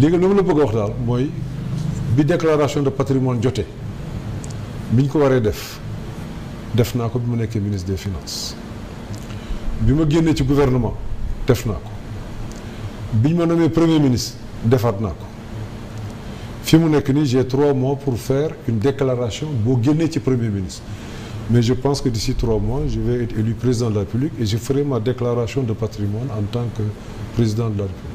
léegi lu mu la bëgg wax daal mooy bi déclaration de patrimoine jotee bi ñu ko waree def def naa ko bi ma nekkee ministre des finances bi ma génnee ci gouvernement def naa ko bi ñu ma nommé premier ministre defaat naa ko fi mu nekk nii j'ai trois mois pour faire une déclaration boo génnee ci premier ministre mais je pense que d'ici trois mois je vais être élu président de la République et je ferai ma déclaration de patrimoine en tant que président de la République